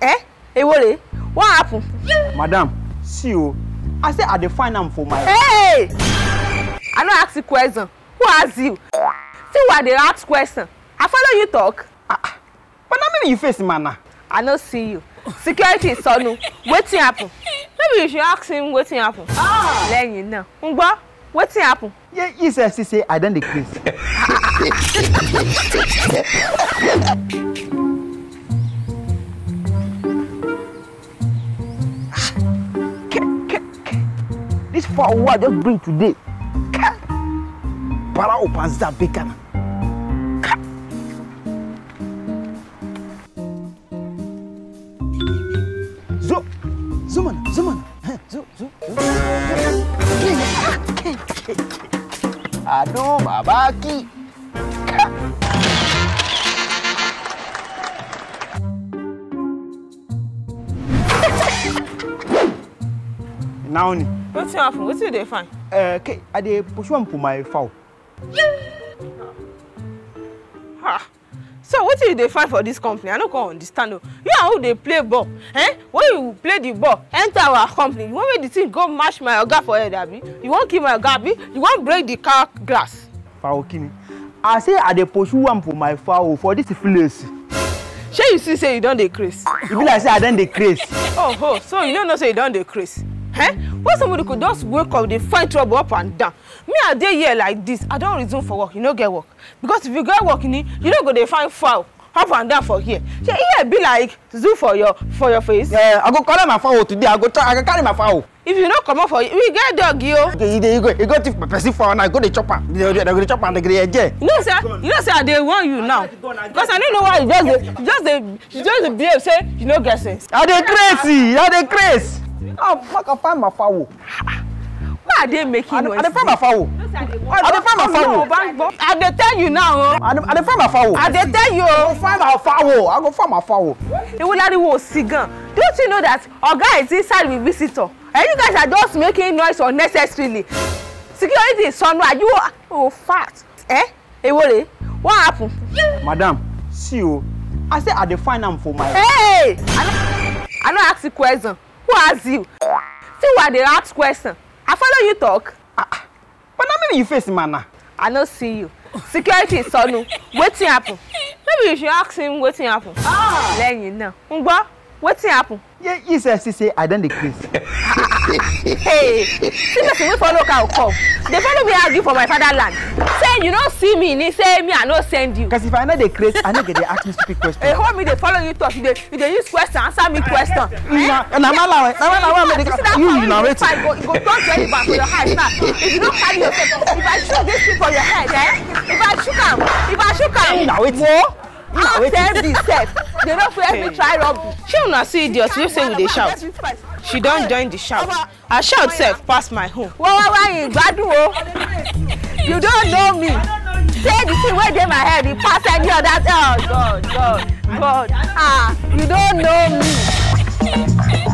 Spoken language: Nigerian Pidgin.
Eh? Hey, what? What happened? Madam, see you. I say I define am for my. Hey! I no ask the question. Who ask you? See why they ask question. I follow you talk. Ah, ah. But now maybe you face man now. I no see you. Security is sonu. Wetin happen? Maybe you should ask him wetin happen. Ah. Lẹ́yìn náà. Ń gbọ́. Wetin happen? Yeah, he says he say I don't dey fowl wey oh, I just bring today. Para opanza bacon. Zo, zo mana, zo mana. Zo, zo, zo. Ado babaki. now ni. wetin happen wetin you dey find. Uh, eh, okay, i dey pursue am for my fowl. ah so wetin you dey find for dis company i no come understand o you and who dey play ball eh when you play the ball enter our company you wan make the thing go match my oga for head abi you wan kill my oga abi you wan break the car glass. fowl kini i say i dey pursue am for my fowl for dis place. shey you see say you don dey craze. e be like say i don dey craze. oh ho! Oh, so you no know say you don dey craze. Eh? Why somebody could just wake up, they find trouble up and down. Me, I dey here like this. I don't resume for work. You no get work. Because if you get work, you don't go They find foul up and down for here. Say, e here be like zoo for your for your face. Yeah, I go call my foul today. I go try, I go carry my foul. If you no come out for you, we get dog yo. Okay, you, you go, you e go take my person for now. Go the chopper. They go the chopper and they go the No, sir, you know sir, they want you now. Because I don't know why Just the, just the just the behave say you no get sense. Are they crazy? Are they crazy? I'm not gonna find my fowl. Why are they making noise? I dey find my fowl. I dey find my fowl. I dey tell you now. I dey find my fowl. I dey tell you. I oh. go find my fowl. I go find my fowl. Ìwúláriwo ò sí gan. Don't you know that Oga is inside with visitor? And you guys are just making noise unnecessarily. Security is sọnù you oh fat. Eh? Èwo rèé? What happen? Madam, see o, oh. I say I dey find am for my. Hey! I no ask you question who asked you see why they ask question i follow you talk. ah, ah. but not me you face manna. i no see you security sọnù wetin happen maybe you should ask him wetin happen. Ah. lẹ́yìn náà ń gbọ́ wetin happen. Yeah, you sef see i don dey craze. hey see person wey follow cow come They follow me argue for my fatherland. say you no see me ni say me i no send you. cos if i know dey craze i know go dey ask me stupid question. eho hey, me they follow you talk They they use question answer me question. na na mala na mala wey i make you narrate. you go go turn twenty back for your house now if you no carry yourself if i shoot this thing for your head eh if i shoot him, if i shoot him, shook am. na wetin. how tell the self they no fit help me try rubbish. shey una see idiot wey say we dey shout she don join the shout her shout sef pass my own. wawawa ìgbádùn o you don know me say the thing wey dey my head e pass any other thing oh god god god ah you don know me.